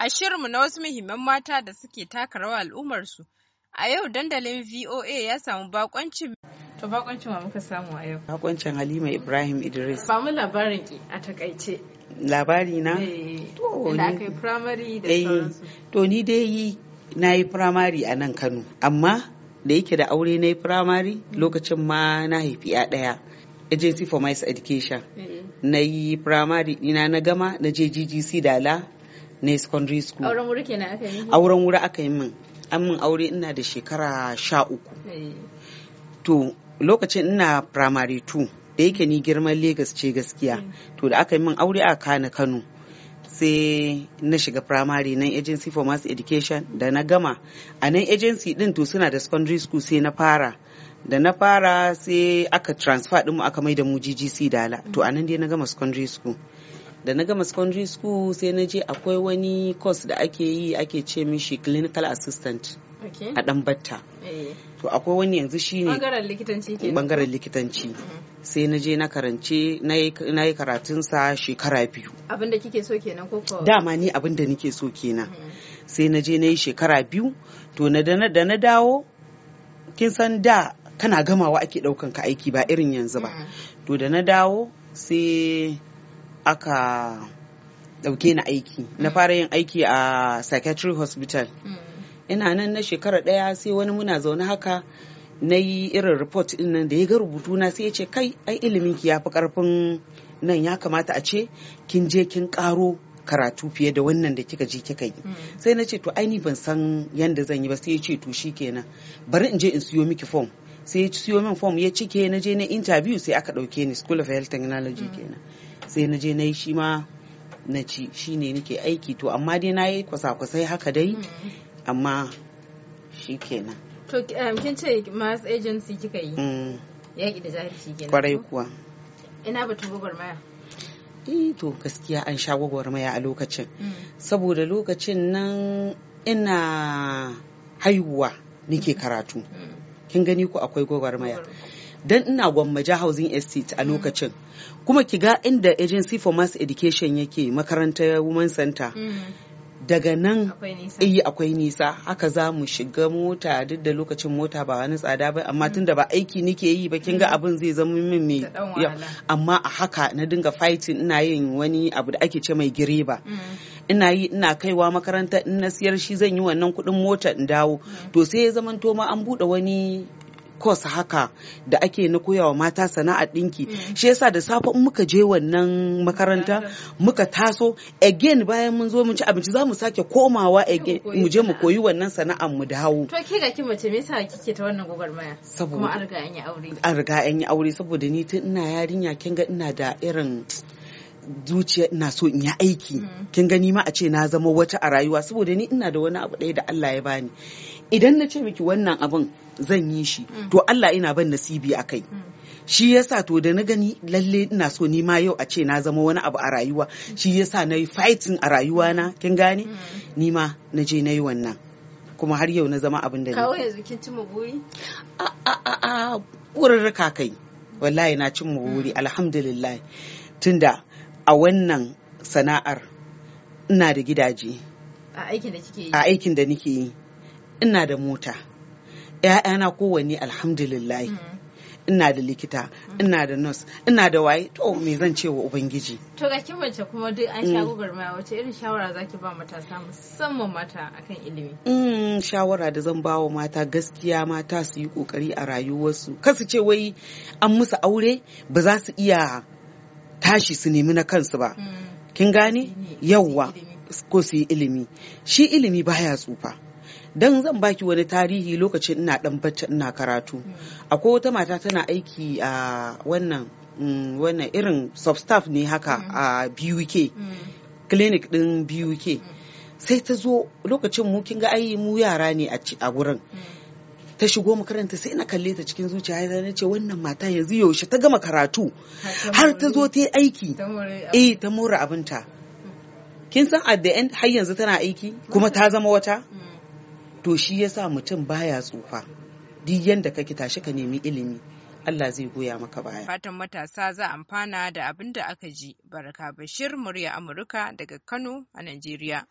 a shirinmu na wasu muhimman mata da suke taka rawa al'ummarsu. A yau dandalin VOA ya samu bakoncin To bakoncin wa muka samu a yau? Bakoncin Halima Ibrahim Idris. Ba mu labarin ki a takaice. Labari na? Eh, to ni kai primary da eh, sauransu. To ni dai na yi primary a nan Kano, amma da yake da aure na yi primary lokacin ma na haifi ya ɗaya. Agency for Mice Education. Eh. Na yi primary ina na gama na je Dala na secondary school auren wuri kenan aka yi auren wuri aka yi min an min aure ina da shekara sha uku eh. to lokacin ina primary two da yake ni girman Legas ce gaskiya mm. to da aka yi min aure a kana Kano sai na shiga primary nan agency for mass education da na gama a nan agency din to suna da secondary school sai na fara da na fara sai aka transfer din mu aka mai da mu ggc dala to anan dai na gama secondary school da na gama secondary school sai na je akwai wani course da ake yi ake ce mishi clinical assistant a dan batta eh. to akwai wani yanzu shine bangaren likitanci ke bangaren likitanci mm-hmm. sai na je na karance na yi karatun sa shekara biyu abinda kike so kenan ko ko dama ni abinda nike so kenan mm-hmm. sai na je na yi shekara biyu to na da na dawo kin san da kana gamawa ake daukan ka aiki ba irin yanzu ba mm-hmm. to da na dawo sai aka dauke ni aiki na fara yin aiki a psychiatric hospital mm. ina nan na shekara daya sai wani muna zaune haka na yi irin report din nan da ya ga rubutu na sai ya ce kai ai ilimin ki yafi karfin nan ya kamata a ce kin je kin karo karatu fiye da wannan da kika je kika yi mm. sai na ce to ai ni ban san yanda zan yi ba sai ya ce to shikenan bari in je in siyo miki form sai ya siyo min form ya cike na je na interview sai aka dauke ni school of health technology mm. kenan sai na je na yi shi ma na ci shi ne nake aiki to amma dai na yi kwasa-kwasai haka dai amma shi kenan to um, kin ce mass agency kika yi mm. yaƙi da jahilci kenan kwarai kuwa ina batun gwagwarmaya eh to gaskiya an sha gwagwarmaya a lokacin mm. saboda lokacin nan ina haihuwa nake mm. karatu kin gani ko akwai gwagwarmaya Don ina gwammaja housing estate a mm. lokacin kuma ki ga inda agency for mass education yake makarantar women center mm. daga nan iya eh, akwai nisa haka za mu shiga mota duk da lokacin mota ba wani tsada ba amma mm. tun da ba aiki nike yi ba kin ga abin zai zama min mai amma a haka na dinga fighting ina yin wani abu da ake ce mai gireba ina yi ina kaiwa makaranta in na siyar shi zan yi wannan kudin mota in dawo to sai ya zamanto ma an buɗe wani kos haka da ake na koyawa mata sana'a dinki mm. shi yasa da safe muka je wannan makaranta muka taso again bayan mun zo mun ci abinci za mu sake komawa again mu je mu koyi wannan sana'ar mu dawo to ke ga ki mace me yasa kike ta wannan gogarmaya saboda an riga an yi aure an riga yi aure saboda ni tun ina yarinya kinga ina da irin zuciya ina so in yi aiki mm. kin gani ma a ce na zama wata a rayuwa saboda ni ina da wani abu ɗaya da Allah ya bani idan na ce miki wannan abun zan yi shi mm. to Allah ina ban nasibi a kai mm. shi yasa to da na gani lalle ina so ni ma yau a ce na zama wani abu a rayuwa shi yasa na yi fighting a rayuwa na kin gane ni ma na je na yi wannan kuma har yau na zama abin da ne kawai yanzu kin cimma buri a a a a kai wallahi na cin buri alhamdulillah tunda a wannan sana'ar ina da gidaje a aikin da kike yi a aikin da nike yi ina da mota ‘ya'yana kowanne alhamdulillah mm. ina da likita mm. ina da nurse ina da waye to me zan ce wa ubangiji to ga kin mace kuma duk an sha mm. mai wace irin shawara zaki ba matasa musamman mata akan ilimi mm shawara da zan ba wa mata gaskiya mata su yi kokari a rayuwarsu kasu ce wai an musu aure ba za su iya tashi su nemi na kansu ba hmm. kin gane yawwa ko su yi ilimi shi ilimi baya tsufa dan zan baki wani tarihi lokacin ina dan bacci ina karatu hmm. akwai wata mata tana aiki a wannan mm, wannan irin substaff ne haka hmm. a BUK clinic din BUK sai ta zo lokacin mu kin ga ai mu yara ne a gurin ta shigo makaranta sai na kalle ta cikin zuciya ya na ce wannan mata yanzu yaushe ta gama karatu har ta zo ta yi aiki eh ta more abinta kin san at the end har yanzu tana aiki kuma ta zama wata mm. to shi yasa mutum baya tsufa duk yanda kake tashi ka nemi ilimi Allah zai goya maka baya. Fatan matasa za amfana da abin da aka ji. Baraka Bashir, murya Amurka daga Kano a Najeriya.